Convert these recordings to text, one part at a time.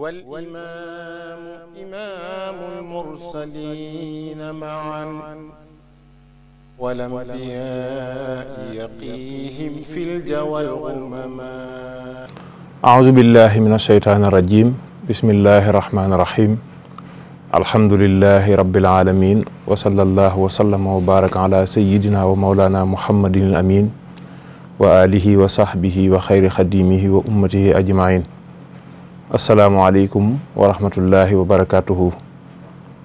والإمام إمام المرسلين معا والأنبياء يقيهم في الجوى الغمما أعوذ بالله من الشيطان الرجيم بسم الله الرحمن الرحيم الحمد لله رب العالمين وصلى الله وسلم وبارك على سيدنا ومولانا محمد الأمين wa alihi wa sahbihi wa xayri xadimihi wa ummatihi ajmain asalaamualeykum wa rahmatullahi wa barakaatuhu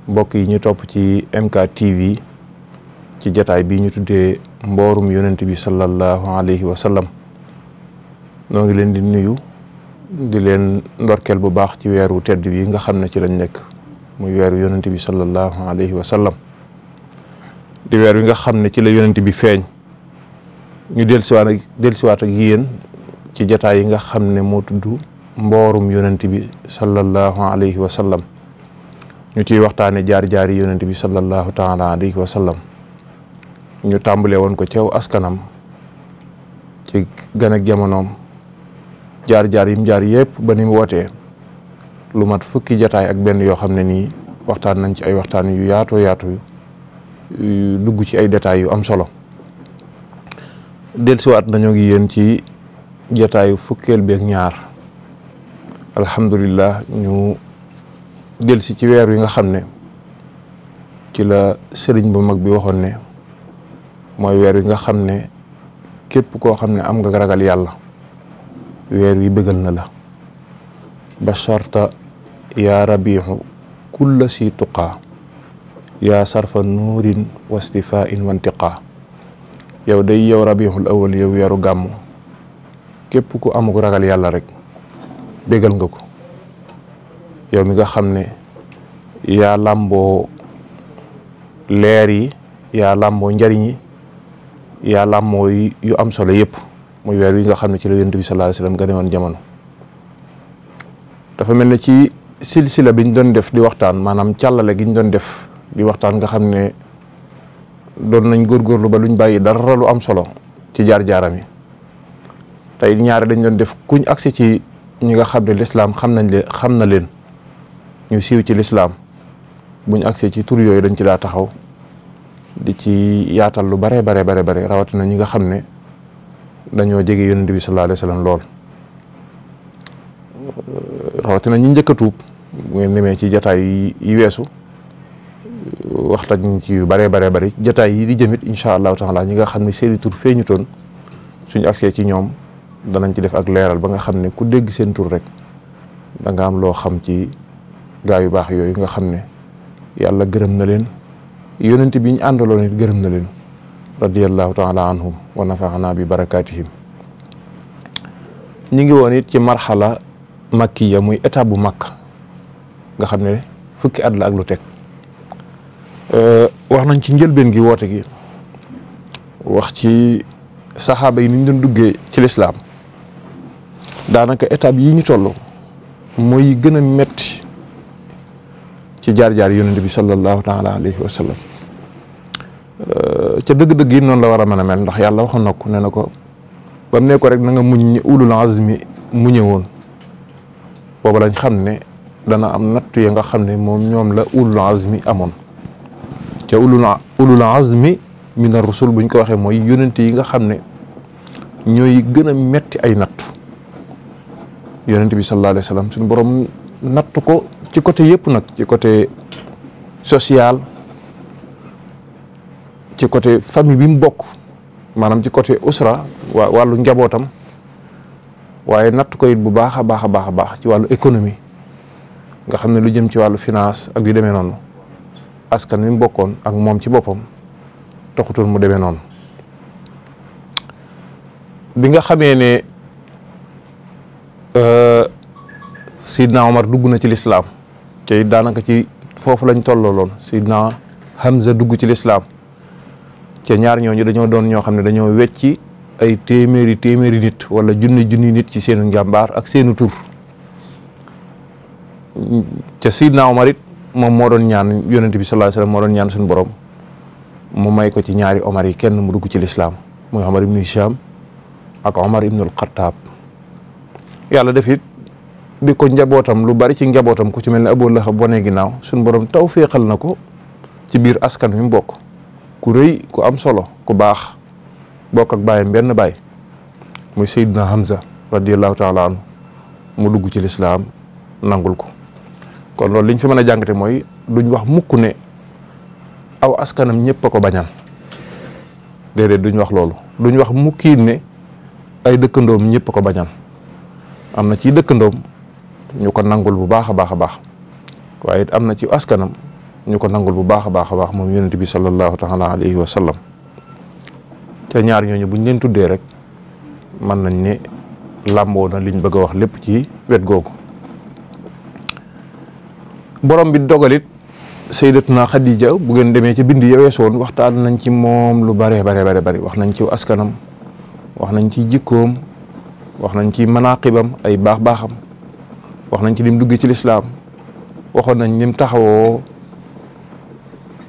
mbokk yi ñu topp ci MK TV ci jataay bi ñu tuddee mborum yonent bi sallallahu alayhi wa sallam ngi leen di nuyu di leen ndorkeel bu baax ci weeru tedd wi nga xam ne ci lañ nekk muy weeru yonent bi sallallahu alayhi wa sallam weer wi nga xam ne ci la yonent bi feeñ ñu dellusiwaat ak dellusiwaat ak yéen ci jataay yi nga xam ne moo tudd mboorum yonent bi sallallahu alayhi wa ñu ciy waxtaane jaar-jaari yonent bi sallallahu taala alayhi wa sallam ñu tàmbale woon ko ceew askanam ci gën ak jamonoom jaar-jaar yim jaar yëpp ba ni mu wootee lu mat fukki jataay ak benn yoo xam ne nii waxtaan nañ ci ay waxtaan yu yaatoo yaatu yu dugg ci ay détails yu am solo dellusiwaat nañoo ngi yéen ci jataayu fukkeel beeg ñaar alhamdulilah ñu del si ci weer wi nga xam ne ci la sëriñ bu mag bi waxoon ne mooy weer wi nga xam ne képp koo xam ne am nga ragal yàlla weer wi bëggal na la basharta yaa rabiixu kulla si tuqaa yaa sarfa nuurin wastifaa in wantiqaa yow day yow rabiixul awal yow weeru gàmm képp ku amuk ragal yàlla rek bégal nga ko yow mi nga xam ne yaa làmboo leer yi yaa làmboo njariñ yi yaa làmboo yu am solo yëpp muy weer wi nga xam ne ci la yonent bi sallallahu nga wasallam gane jamono dafa mel ne ci silsila biñ doon def di waxtaan maanaam càllale giñ doon def di waxtaan nga xam ne doon nañ góorgóorlu ba luñ bàyyi dara lu am solo ci jaar-jaaram yi tey ñaare dañ doon def kuñ agsi ci ñi nga xam ne lislaam xam nañ leen xam na leen ñu siiw ci lislaam bu ñu agsee ci tur yooyu dañ ci daa taxaw di ci yaatal lu bare bare bare bare rawatina ñi nga xam ne dañoo jege yonent bi sallallahu lool rawatina ñi njëkk a ci jataay yi weesu wax nañ ci yu bare bare bare jataay yi di jëmit incha allahu taala ñi nga xam ne seeni tur feeñutoon suñu agsee ci ñoom danañ ci def ak leeral ba nga xam ne ku dégg seen tur rek da nga am loo xam ci gaa yu baax yooyu nga xam ne yàlla gërëm na leen yonent bi ñu àndaloon it gërëm na leen radiyallahu taala anhum wa nafaxanaa bi barakaatihim ñu ngi woon it ci marxala makkiya muy étape bu makk nga xam ne fukki at la ak lu teg euh, wax nañ ci njëlbeen gi woote gi wax ci saxaaba yi ni ñu doon duggee ci lislaam daanaka étape yi ñu toll mooy gën a metti ci jaar-jaar yonent bi sallallahu taala alayhi wa sallam ca dëgg-dëgg yi noonu la war a mën a mel ndax yàlla waxoon na ko ne ko ba mu ne ko rek na nga muñ ulul azmi mu woon booba lañ xam ne dana am nattu ya nga xam ne moom ñoom la ulul azmi amoon ca ulul ulul azmi min ar rusul buñ ko waxee mooy yonent yi nga xam ne ñooy gën a metti ay natt yonent bi sallallahu alayhi wa sallam suñu borom natt ko ci côté yëpp nag ci côté social ci côté famille bi mu bokk maanaam ci côté usra waa wàllu njabootam waaye natt ko it bu baax a baax a baax a baax ci wàllu économie nga xam ne lu jëm ci wàllu finance ak yu demee noonu askan mi mu bokkoon ak moom ci boppam taxutul mu demee noonu bi nga xamee ne Euh, Seydina Omar dugg na ci lislaam te daanaka ci foofu lañ tolloloon Seydina Hamza dugg ci lislaam te ñaar ñu dañoo doon ñoo xam ne dañoo wecci ay téeméeri téeméeri nit wala junni junni nit ci seenu njàmbaar ak seenu tur ca Seydina Omar it moom moo doon ñaan yonente bi sallallahu alayhi moo doon ñaan suñu borom mu may ko ci ñaari Omar yi kenn mu dugg ci lislaam muy Omar ibnu Hisham ak Omar ibnul Xattaab yàlla def it bi ko njabootam lu bari ci njabootam ku ci mel ne Abu Lahab wane ginnaaw suñu borom taw feexal na ko ci biir askan wi mu bokk ku rëy ku am solo ku baax bokk ak baayam benn baay muy Seydina Hamza radiyallahu taala anhu mu dugg ci lislaam nangul ko kon loolu liñ fi mën a jàngate mooy duñ wax mukk ne aw askanam ñëpp ko ko bañaan déedéet duñ wax loolu duñ wax mukkiin ne ay dëkkandoom ñëpp a ko bañaan am na ci dëkkandoom ñu ko nangul bu baax a baax a baax waaye am na ci askanam ñu ko nangul bu baax a baax a baax moom yonent bi sallallahu taala alayhi wa sallam te ñaar ñooñu buñ leen tuddee rek mën nañ ne làmboo na liñ bëgg a wax lépp ci wet googu borom bi dogalit sayyidatuna Xadija bu ngeen demee ci bind ya weesu woon waxtaan nañ ci moom lu bare bare bare bari wax nañ ci askanam wax nañ ci jikkoom wax nañ ci manaqibam ay baax-baaxam wax nañ ci lim dugg ci lislaam waxoon nañ lim taxawoo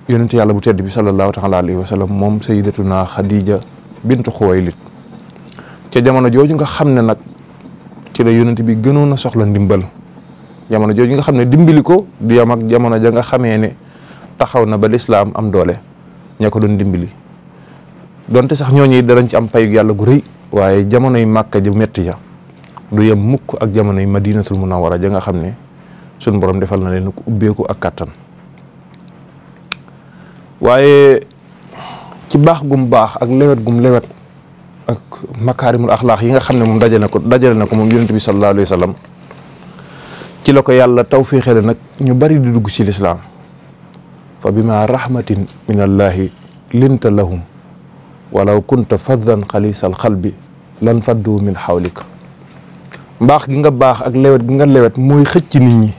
yonent yàlla bu tedd bi sallallahu taala alayhi wa sallam moom sayidatuna Khadija bintu Xuwaylid ca jamono jooju nga xam ne nag ci la yonent bi gënoon a soxla ndimbal jamono jooju nga xam ne dimbali ko du yam ak jamono ja nga xamee ne taxaw na ba lislaam am doole ña ko doon dimbali. donte sax ñooñu danañ ci am payug yàlla gu rëy waaye jamonoy màkka ji métti ja du yem mukk ak jamonoy madinatul munawara ja nga xam ne suñ boroom defal na leen ko ubbeeku ak kàttan waaye ci baax gum baax ak lewet gum lewet ak makaarimul axlaax yi nga xam ne moom dajale na ko dajale na ko moom yonent bi sallallahu alayhi wa la ko yàlla tawfiixale nag ñu bari di dugg ci lislaam fa bima rahmatin min allahi linta lahum walaw kunta faddan xalisal xalbi lan faddu min xawlik mbaax gi nga baax ak lewet gi nga lewet mooy xëcc nit ñi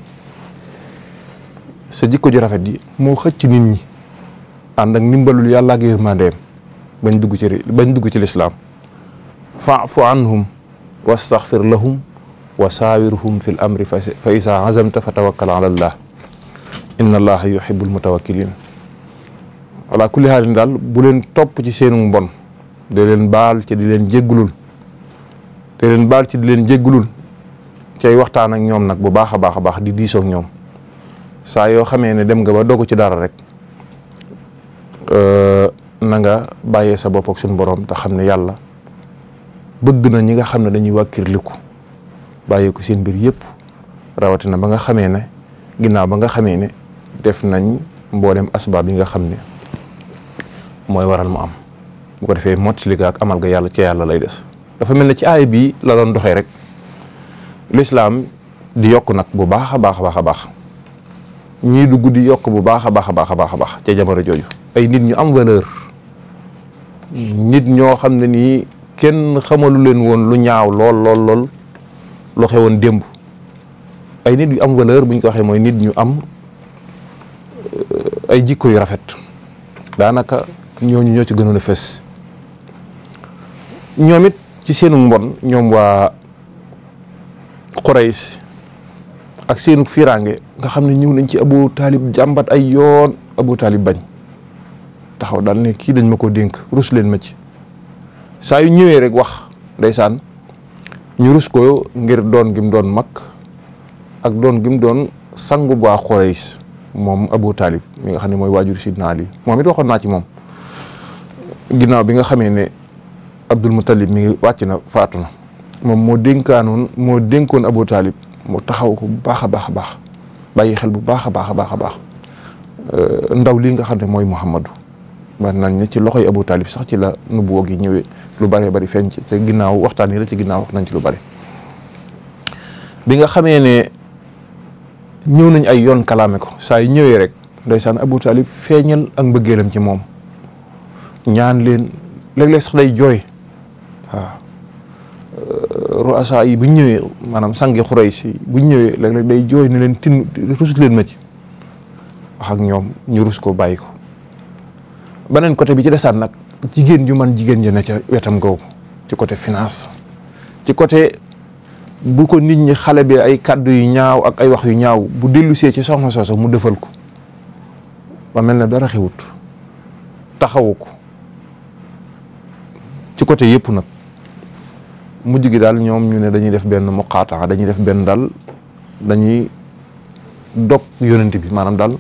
sa jikko ju rafet yi moo xëcc nit ñi ànd ak ndimbalul yàlla ak yërmandeem bañ dugg ci bañ dugg ci lislaam faafu anhum wastaxfir lahum wa saawirhum fi l amri fa isa azamta fa tawakkal ala allah inna allaha yuhibbul wala kulli xaalin daal bu leen topp ci seenu mbon di leen baal ci di leen jéggulul di baal ci di leen jéggulul cay waxtaan ak ñoom nag bu baax a baax a baax di diisoog ñoom saa yoo xamee ne dem nga ba dogu ci dara rek euh, na nga bàyyee sa bopp ak suñu te xam ne yàlla bëgg na ñi nga xam ne dañuy wàkkirliku bàyyee ko seen mbir yëpp rawatina ba nga xamee ne ginnaaw ba nga xamee ne def nañ mboolem asbaab yi nga xam ne mooy waral mu am bu ko defee mottali ga ak amal ga yàlla ca yàlla lay des dafa mel ne ci aay bii la doon doxee rek lislaam di yokk nag bu baax a baax a baax a baax ñii dugg di yokk bu baax a baax a baax a baax a ca jamono jooju ay nit ñu am valeur nit ñoo xam ne nii kenn xamalu leen woon lu ñaaw lool lool lool lu xewoon démb ay nit yu am valeur bu ñu ko waxee mooy nit ñu am euh, ay jikko yu rafet daanaka ñooñu ñoo ci gënoon a fes ñoom it ci seenu mbon ñoom waa Quraysh ak seenu fiiraange nga xam ne ñëw nañ ci Abu Taalib jàmbat ay yoon Abu Taalib bañ taxaw daal ne kii dañ ma ko dénk rus leen ma ci saa yu ñëwee rek wax ndeysaan ñu rus ko ngir doon gim doon mag ak doon gim doon sangu waa Quraysh moom Abu Taalib mi nga xam ne mooy waajur Sidna Ali moom it waxoon naa ci moom ginnaaw bi nga xamee ne Abdul Muttalib mi wàcc na faatu na moom moo dénkaanoon moo dénkoon Abu Talib mu taxaw ko bu baax a baax a baax bàyyi xel bu baax a baax a baax a baax euh, ndaw lii nga xam ne mooy Muhammadu man nañ ne ci loxoy Abu Talib sax ci la nubuwoo gi ñëwee lu bëree bari feeñ ci te ginnaaw waxtaan yi la ci ginnaaw wax nañ ci lu bëri bi nga xamee ne ñëw nañ ay yoon kalaame ko saa yi ñëwee rek ndeysaan Abu Talib feeñal ak mbëggeelam ci moom ñaan leen léeg-léeg sax day jooy waaw euh, ruasa yi bu ñëwee maanaam sangi xuray si bu ñëwee léeg-léeg day jooy ne leen tin rusut leen ma ci wax ak ñoom ñu rus ko bàyyi ko beneen côté bi ci desaan nag jigéen ju man jigéen ju ne ca wetam googu ci côté finance ci côté bu ko nit ñi xale bi ay kàddu yu ñaaw ak ay wax yu ñaaw bu dellusee ci soxna sooso mu defal ko ba mel ne dara xewut taxawu ko ci côté yëpp nag mujj gi daal ñoom ñu ne dañuy def benn muqaataa dañuy def benn daal dañuy dog yonent bi maanaam daal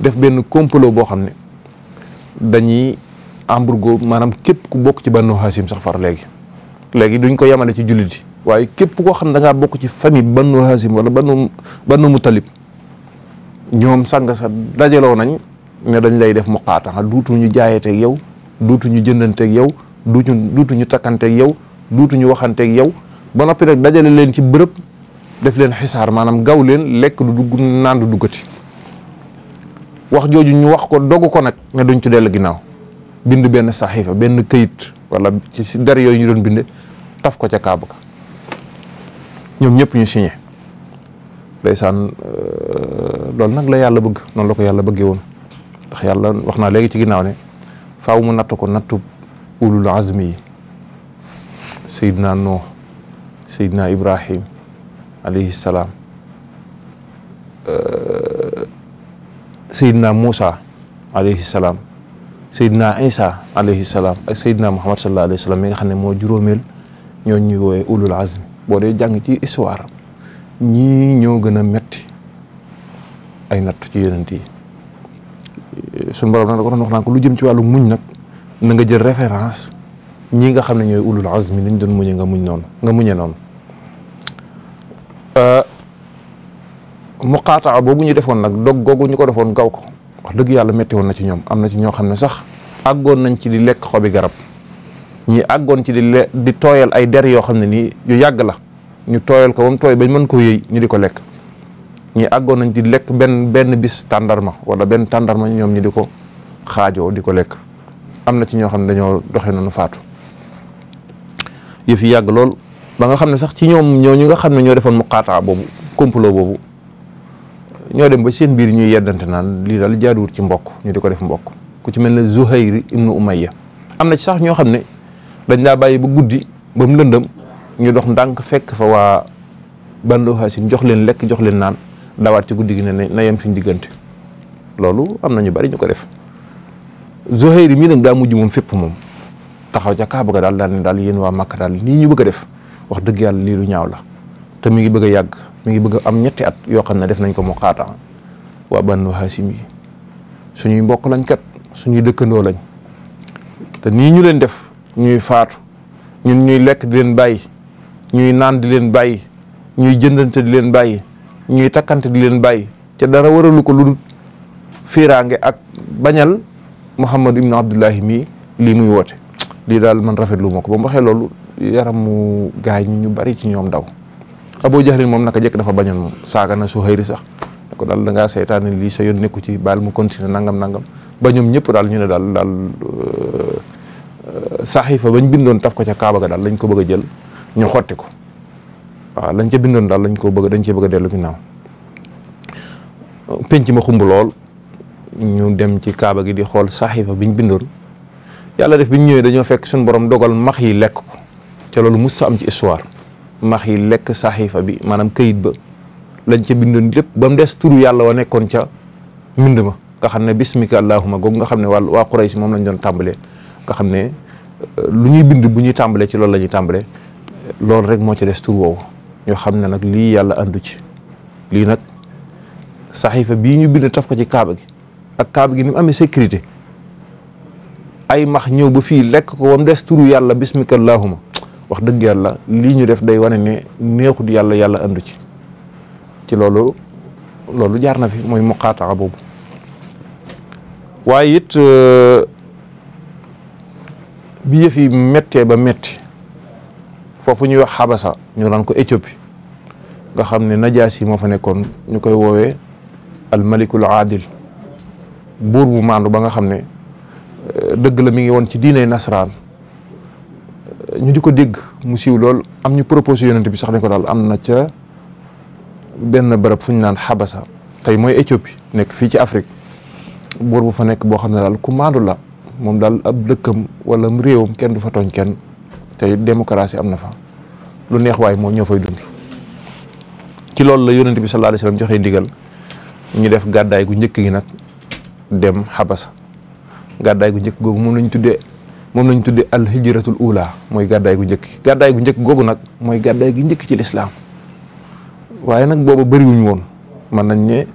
def benn complot boo xam ne dañuy embargo maanaam képp ku bokk ci Banu Haasim sax far léegi léegi duñ ko yemale ci jullit yi waaye képp koo xam ne da bokk ci famille Banu Haasim wala Banu Banu Mutalib ñoom sàng sa dajaloo nañ ne dañ lay def muqaataa duutu ñu jaayeteeg yow duutu ñu jëndanteeg yow duutu duutuñu takkanteeg yow duutuñu waxanteeg yow ba noppi nag dajale leen ci bërëb def leen xisaar maanaam gaw leen lekk du dugg naan du duggati wax jooju ñu wax ko dogu ko nag ne duñ ci dell ginnaaw bind benn saxiifa benn këyit wala ci der yooyu ñu doon binde taf ko ca kaaba ñoom ñëpp ñu signé ndeysaan euh, loolu nag la yàlla bëgg noonu la ko yàlla bëggee woon ndax yàlla wax naa léegi ci ginnaaw ne faaw mu natt ko nattu ulul azmi yi Seydina Nuux Seydina Ibrahim alayhi salaam Seydina Moussa alayhi salaam Seydina Isa alayhi ak Seydina Muhammad sallallahu alayhi salaam mi nga xam ne moo juróomeel ñoo ñuy woowee ulul azmi boo dee jàng ci histoire ñii ñoo gën a metti ay natt ci yonent yi suñu borom nag da ko doon wax lu jëm ci wàllu muñ nag. na nga jël référence ñi nga xam ne ñooy ulul azmi ni ñu doon muñe nga muñ noonu nga muñe noonu euh, muqaataa boobu ñu defoon nag dog googu ñu ko defoon gaw ko wax dëgg yàlla métti woon na ci ñoom am na ci ñoo xam ne sax àggoon nañ ci di lekk xobi garab ñi àggoon ci di le di tooyal ay der yoo xam ne nii ñu yàgg la ñu tooyal ko ba mu tooy bañ mën ko yëy ñu di ko lekk ñi àggoon nañ di lekk benn benn bis tàndarma wala benn tàndarma ñoom ñu di ko xaajoo di ko lekk am na ci ñoo xam ne dañoo doxee noonu faatu yëf yi yàgg lool ba nga xam ne sax ci ñoom ñu nga xam ne ñoo defoon muqaataa boobu complot boobu ñoo dem ba seen biir ñuy yeddante naan lii daal jaaduwul ci mbokk ñu di ko def mbokk ku ci mel ne Zuhayr ibnu Umayya am na ci sax ñoo xam ne dañ daa bàyyi ba guddi ba mu lëndëm ñu dox ndànk fekk fa waa Banu Haashim jox leen lekk jox leen naan dawaat ci guddi gi ne na yem suñ diggante loolu am na ñu bari ñu ko def. Zuhayr mii da daa mujj moom fépp moom taxaw ca Kaaba ga daal daal ne daal yéen waa Makka daal nii ñu bëgg a def wax dëgg yàlla lii lu ñaawla la te mi ngi bëgg a yàgg mi ngi bëgg am ñetti at yoo xam ne def nañ ko mu xaata waa Banu Haasim yi suñuy mbokk lañ kat suñuy dëkkandoo lañ te nii ñu leen def ñuy faatu ñun ñuy lekk di leen bay ñuy naan di leen bàyyi ñuy jëndante di leen bàyyi ñuy takkante di leen bay te dara waralu ko lu fiiraange ak bañal Mouhamad ibn Abdullahi mii lii muy woote lii daal man rafetlu ma ko ba mu waxee loolu yaramu gaay ñu ñu bari ci ñoom daw Abu Jahlin moom naka jekk dafa bañoon moom saaga na Suhayri sax ne ko daal da ngaa seytaane yoon nekku ci baal mu continuer nangam nangam ba ñoom ñëpp daal ñu ne daal daal euh, saxiifa bañ bindoon taf ko ca Kaaba ga daal lañ ko bëgg a jël ñu xotti ko waaw lañ ca bindoon daal lañ ko bëgg dañ cee bëgg a dellu ginnaaw penc ma xumb lool ñu dem ci kaaba gi di xool bi ñu bindoon yàlla def bi ñu ñëwee dañoo fekk suñu borom dogal max yi lekk ko ca loolu musta am ci histoire max yi lekk saxifa bi maanaam këyit ba lañ ca bindoon lépp ba mu des turu yàlla wa nekkoon ca mbind ma nga xam ne bismika allahuma googu nga xam ne wàll waa Quraysh moom lañ doon tàmbalee nga xam ne euh, lu ñuy bind bu ñuy tàmbalee ci loolu la ñuy loolu rek moo ci des tur woowu xam ne nag lii yàlla àndu ci lii nag saxifa bii ñu bind taf ko ci kaaba gi ak kaaba mu amee sécurité ay max ñëw ba fii lekk ko ba des turu yàlla bismika allahuma wax dëgg yàlla lii ñu def day wane ne neexut yàlla yàlla andu ci ci loolu loolu jaar na fi mooy muqaataa boobu waaye it euh, bi yëf yi méttee ba métti foofu ñuy wax xabasa ñu naan ko Éthiopie nga xam ne najaas yi moo fa nekkoon ñu koy woowe al malikul aadil buur bu maandu ba nga xam ne euh, dëgg la mi ngi woon ci diiney nasaraan ñu di ko dégg mu siiw lool am ñu proposé yonent bi sax ne ko daal am na ca benn bërëb fu ñu naan xabasa tey mooy Éthiopie nekk fii ci Afrique buur bu fa nekk boo xam ne daal ku maandu la moom daal ab dëkkam wala réewam kenn du fa tooñ kenn tey démocratie am na fa lu neex waaye moom ñoo fay dund ci loolu la yonent bi sallallahu alayhi wasallam joxe ndigal ñu def gàddaay gu njëkk gi nag dem xabasa gàddaay gu njëkk googu moom lañu tuddee moom lañ tuddee al hijratul ula mooy gàddaay gu njëkk gàddaay gu njëkk googu nag mooy gàddaay gi njëkk ci lislaam waaye nag booba bëriwuñ woon mën nañ ne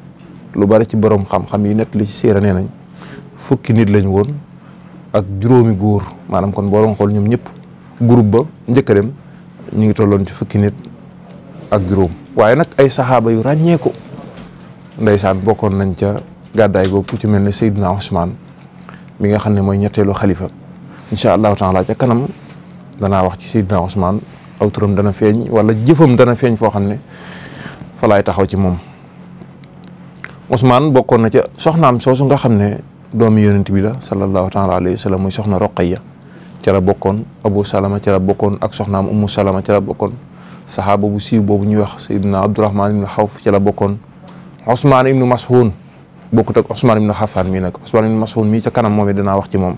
lu bari ci boroom xam yi nett li ci séera nee nañ fukki nit lañ woon ak juróomi góor maanaam kon boo xool ñoom ñëpp groupe ba njëkk dem ñu ngi tolloon ci fukki nit ak juróom waaye nag ay saxaaba yu ràññee ko ndeysaan bokkoon nañ ca gàddaay googu ku ci mel ne Seydina Ousmane mi nga xam ne mooy ñetteelu xalifa incha allahu taala ca kanam danaa wax ci Seydina Ousmane aw dana feeñ wala jëfam dana feeñ foo xam ne fa taxaw ci moom. osmaan bokkoon na ca soxnaam soosu nga xam ne doomi yonent bi la sallallahu taala alayhi wa sallam muy soxna Roqaya ca la bokkoon Abu Salama ca la bokkoon ak soxnaam Ummu Salama ca la bokkoon saxaaba bu siiw boobu ñuy wax Seydina Abdurahman ibnu la bokkoon bokkut ak Ousmane ibn Xafaan mii nag Ousmane ibn Mas'ud mii ca kanam moom it danaa wax ci moom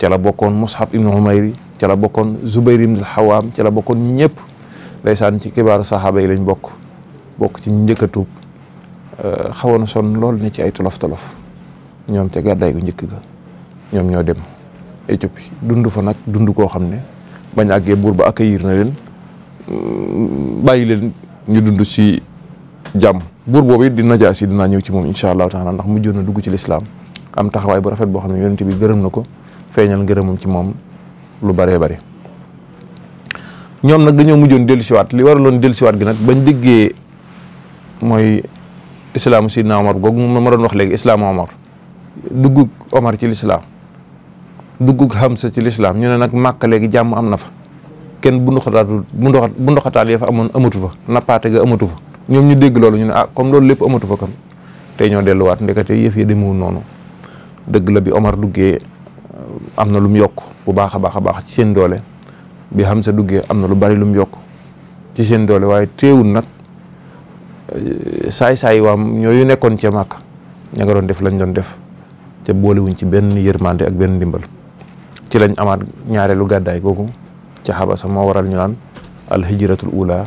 ca la bokkoon Mus'ab ibn Umayr ca la bokkoon Zubayr ibn al-Xawaam ca la bokkoon ñi ñëpp ndeysaan ci kibaaru saxaaba yi lañ bokk bokk ci njëkk tuub euh, xawoon na sonn loolu ne ci ay tolof tolof ñoom ca gàddaay gu njëkk ga ñoom ñoo dem Éthiopie dund fa nag dund koo xam ne bañ àggee buur ba accueillir na leen euh, bàyyi leen ñu dund ci jàmm buur boobu it di najaas yi dinaa ñëw ci moom incha allahu taala ndax mujjoon na dugg ci lislaam am taxawaay bu rafet boo xam ne yonent bi gërëm na ko feeñal ngërëmam ci moom lu bëree bëri ñoom nag dañoo mujjoon dellusiwaat li waraloon siwaat gi nag bañ déggee mooy islaamu sidna omar googu ma doon wax léegi islaamu omar duggug omar ci lislaam duggug Hamza ci lislaam ñu ne nag màkk léegi jàmm am na fa kenn bu ndoxataatu bu ndoxataal ya fa amoon amatu nappaate ga amatu fa ñoom ñu dégg loolu ñu ne ah comme loolu lépp amatu fa kon tey ñoo delluwaat ndekete yëf yi demewul noonu dëgg la bi Omar duggee euh, am na lu mu yokk bu baax a baax a baax ci seen doole bi sa duggee am na lu bari lu mu yokk ci seen doole waaye teewul nag euh, saay-saay waam ñooyu nekkoon ca màkk ña nga doon def lañ doon def te boolewuñ ci benn yërmande ak benn ndimbal ci lañ amaat ñaareelu gàddaay googu ca xabasa moo waral ñu naan alhijratul ula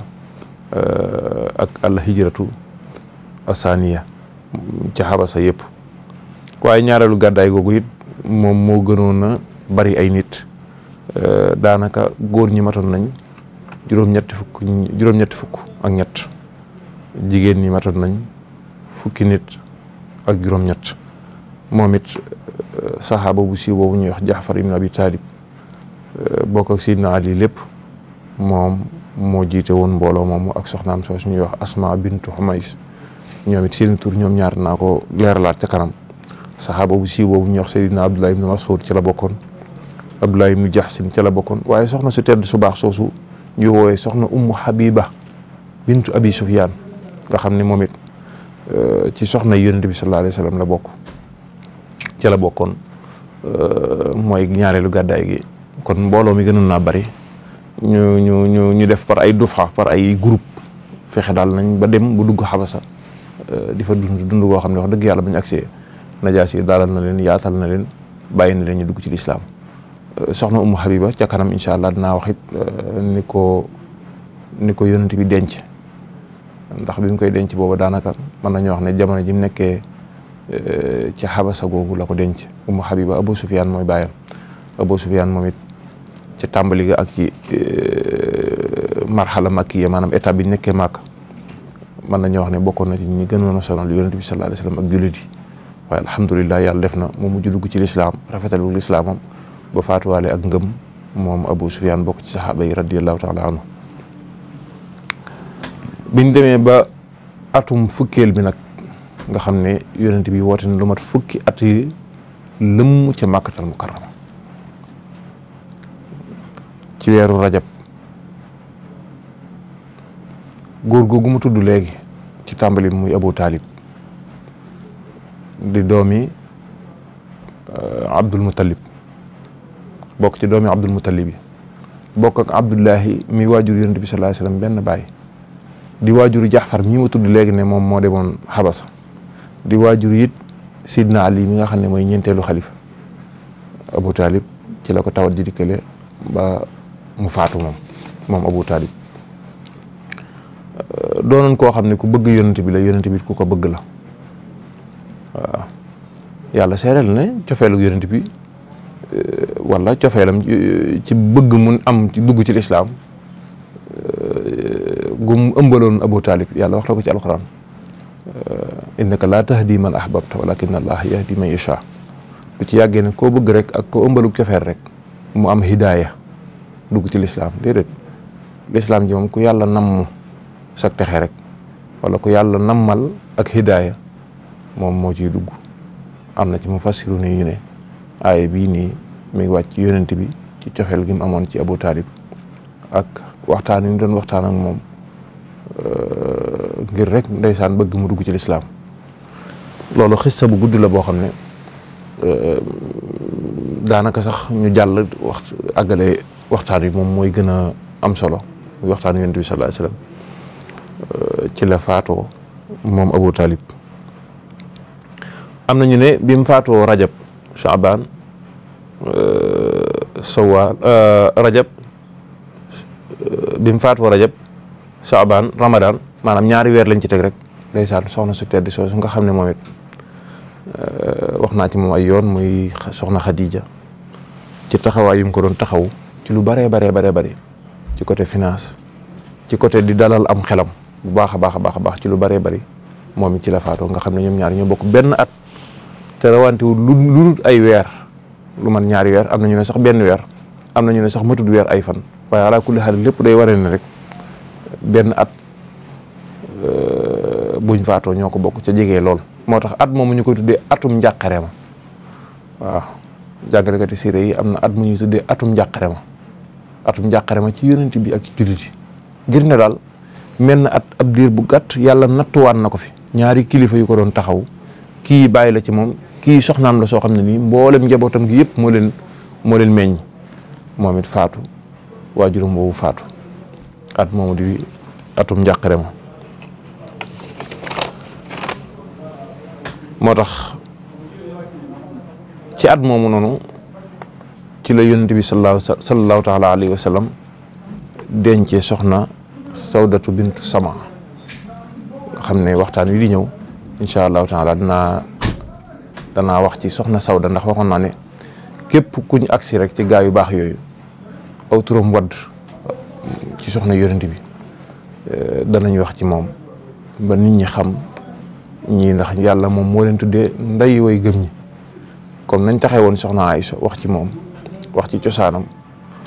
Euh, ak al hijratu asaniya ci xabasa yëpp waaye ñaareelu gàddaay googu it moom moo gënoon a bari ay nit euh, daanaka góor ñi matoon nañ juróom-ñetti fukk juróom-ñetti fukk ak ñett jigéen ñi matoon nañ fukki nit ak juróom-ñett moom it euh, saxaaba bu siiw boobu ñuy wax Jaafar ibn Abi Taalib bokk ak Sidna Ali lépp moom moo jiite woon mbooloo moom ak soxnaam soo suñuy wax Asma bintu Xumays ñoom it seen tur ñoom ñaar naa ko leeralaat ca kanam saxaaba bu sii boobu ñuy wax Seydina Abdullah ibnu ca la bokkoon Abdullah ibnu Jaxsin ca la bokkoon waaye soxna su tedd su baax soosu ñu woowee soxna Ummu Habiba bintu Abi Sufyaan nga xam ne moom it euh, ci soxna yonent bi sa alayhi wa la bokk ci la bokkoon euh, mooy ñaareelu gàddaay gi kon mbooloo mi gënoon naa bari ñu ñu ñu ñu def par ay dufa par ay groupe fexe daal nañ ba dem bu dugg xabasa euh, di fa dund dund goo xam ne wax dëgg yàlla ba ñu agsee najaas yi daalal na leen yaatal na leen bàyyi na leen ñu dugg ci lislaam euh, soxna Umu Habiba ca kanam incha allah dinaa waxit euh, ni ko ni ko yonent bi denc ndax bi mu koy denc booba daanaka man nañu wax ne jamono ji mu nekkee ci xabasa googu la ko denc Umu Habiba Abu Sufyaan mooy bàyyam Abu Sufyaan moom it ci tàmbali ga ak ci euh, marxala makkiya maanaam état bi nekkee màkk mën nañoo wax ne bokkoon na ci ñi gënoon a sonal yonent bi sallallahu alayhi wa sallam ak jullit yi waaye alhamdulilah yàlla def na mu mujj dugg ci lislaam rafetal wu lislaamam ba faatuwaale ak ngëm moom Abu Sufyaan bokk ci saxaaba yi radiyallahu taala anhu biñ demee ba atum fukkeel bi nag nga xam ne yonent bi woote na lu mat fukki at yi lëmm ci màkkatal mukarram ci weeru góor googu mu tudd léegi ci tàmbali muy Abu Taalib di doomi euh, Abdul Muttalib bokk ci doomi Abdul Muttalib bokk ak Abdullahi mi waajur yonent bi sallallahu alayhi benn baay di waajur Jaxfar mi ma tudd léegi ne moom moo demoon Xabas di waajur it Sidna Ali mi nga xam ne mooy ñeenteelu xalifa Abu Taalib ci la ko tawat ji dikkale ba mu faatu moom moom Abu Taalib euh, doonoon koo xam ne ku bëgg yonent bi la yonent bi ku ko bëgg la waaw yàlla seereel ne cofeelu yonent bi euh, wala cofeelam euh, ci bëgg mun am ci dugg ci lislaam gu ëmbaloon Abu Taalib yàlla wax la ko ci alxuraan innaka laa tahdi man ahbabta walakin allah yahdi man yasha du ci yàggee ne koo bëgg rek ak koo ëmbalu cofeel rek mu am hidaaya dugg ci lislaam déedéet lislaam ji moom ku yàlla namm sa texe rek wala ku yàlla nammal ak hidaaya moom moo ciy dugg am na ci mu fassiru ni ne aaya bii nii mi ngi wàcc yonent bi ci coxeel gi amoon ci Abu ak waxtaan yi ñu doon waxtaan ak moom euh, ngir rek ndeysaan bëgg mu dugg ci lislaam loolu xissa bu gudd la boo xam ne euh, daanaka sax ñu jàll wax àggale waxtaan wi moom mooy gën a am solo muy waxtaan yonent bi sallallahu alayhi euh, ci la faatoo moom Abu am nañu ne bi mu faatoo rajab Shaaban euh, sawaal euh, rajab bi mu faatoo rajab Shaaban Ramadan maanaam ñaari weer lañ ci teg rek ndeysaan soxna su tedd soosu nga xam ne moom it wax naa ci moom ay yoon muy soxna Khadija ci taxawaay yum ko doon taxaw ci lu baree baree baree bëri ci côté finance ci côté di dalal am xelam bu baax a baax a baax a baax ci lu baree bari moom it ci la faatoo nga xam ne ñoom ñaar ñoo bokk benn at te rawantewul lu lu ay weer lu man ñaari weer am na ñu sax benn weer am na ñu ne sax matut weer ay fan waaye ala kulli xaal lépp day wara ne rek benn at euh, buñ faatoo ñoo ko bokk ca jege lool. moo tax at moom ñu koy tuddee atum njàqare ma waaw jàngalekati yi am na at mu ñuy tuddee atum njàqare atum njàqare ma ci yonent bi ak ci jullit yi ngir ne daal mel at ab diir bu gàtt yàlla nattuwaan na ko fi ñaari kilifa yu ko doon taxaw kii bàyyi la ci moom kii soxnaam la soo xam ne nii mboolem njabootam gi yëpp moo leen moo leen meññ moom faatu waajuram boobu faatu at moomu di atum njàqare ma moo tax ci at moomu noonu ci la yonent bi sallallahu sallallahu taala alayhi wa sallam dencee soxna sawdatu bintu sama xam ne waxtaan wi di ñëw incha allahu taala danaa danaa wax ci soxna sawda ndax waxoon naa ne képp kuñ agsi rek ci gaa yu baax yooyu aw turam wadd ci soxna yonent bi euh, danañ wax ci moom ba nit ñi xam ñii ndax yàlla moom moo leen tuddee nday way gëm ñi comme nañ taxe woon soxna ay Aïcha wax ci moom wax ci cosaanam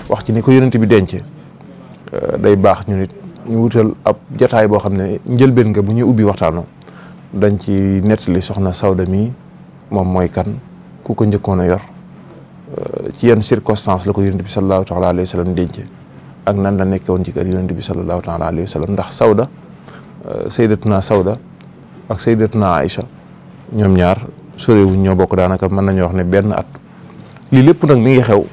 wax ci ni ko yonent bi dencee euh, day baax ñu nit ñu wutal ab jataay boo xam ne njëlbeen nga bu ñuy ubbi waxtaanoo dañ ci nettali soxna Sawda mi moom mooy kan ku ko njëkkoon a yor euh, ci yenn circonstance la ko yonent bi sallallahu taala alayhi wa sallam dencee ak nan la nekkoon ci kër yonent bi sallallahu taala alayhi wa sallam ndax Sawda euh, sayyidatuna Sawda ak sayyidatuna Aïcha ñoom ñaar sorewuñ ñoo bokk daanaka mën nañu wax ne benn at lii lépp nag mi ngi xew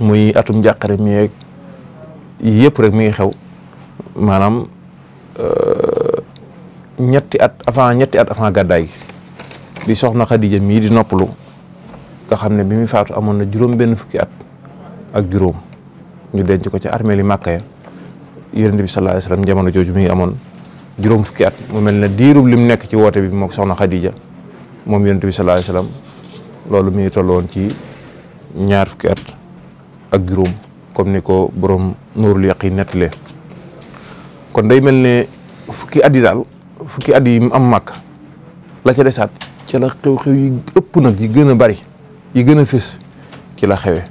muy atum njàqare mi yeeg yëpp rek mi ngi xew maanaam euh, ñetti at avant ñetti at avant gàddaay gi di soxna Xadija mii di noppalu nga xam ne bi muy faatu amoon na juróom benn fukki at ak juróom ñu denc ko ca armée li Màkka ya jamono jooju mi ngi amoon juróom fukki at mu mel ne diirub lim nekk ci woote bi mook soxna Xadija moom yonent bi sallallahu alayhi wasallam loolu mi ngi woon ci ñaar fukki at ak juróom comme ni ko borom nuurul yaqin nettalee kon day mel ne fukki at yi daal fukki at yi mu am màkk la ca desaat ci la xew-xew yi ëpp nag yi gën a bari yi gën a fés ci la xewe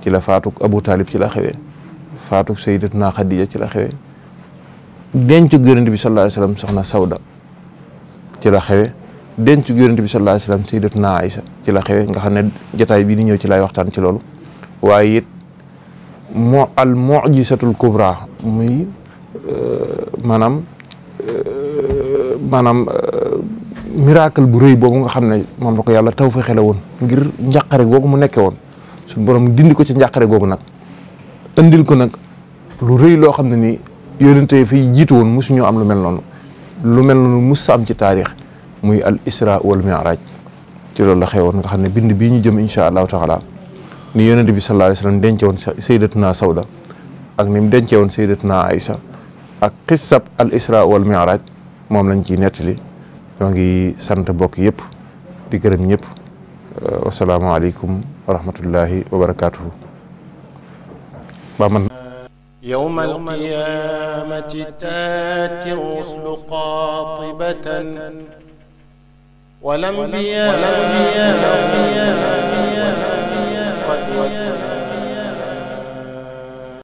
ci la faatuk Abu Talib ci la xewe faatuk Sayyidatuna Khadija ci la xewe denc Yonent bi sallallahu alayhi wasallam soxna Sawda ci la xewe denc Yonent bi sallallahu alayhi wasallam Sayyidatuna Aïsa ci la nga xam ne jataay bii di ñëw ci laay waxtaan ci loolu waaye it mo al mujisatul kubra muy euh, maanaam euh, maanaam euh, miracle bu rëy boobu nga xam ne moom la ko yàlla taw fa xele woon ngir njàqare googu mu nekkee woon su borom dindi ko ci njaqare googu nag indil ko nag lu rëy loo xam ne nii yonente yi fiy jiitu woon ñu am lu mel noonu lu mel noonu mos am ci taarix muy al isra wal mi'raj ci loolu la xewoon nga xam ne bind bii ñu jëm incha allahu taala ni yonent bi sallallahu alayhi wa sallam dencee woon sayyidatuna Sawda ak ni mu dencee woon sayyidatuna Aïsa ak xissab al isra wal mi'raj moom lañ ciy nettali ñoo ngi sant bokk yëpp di gërëm ñëpp wasalaamaaleykum wa rahmatullahi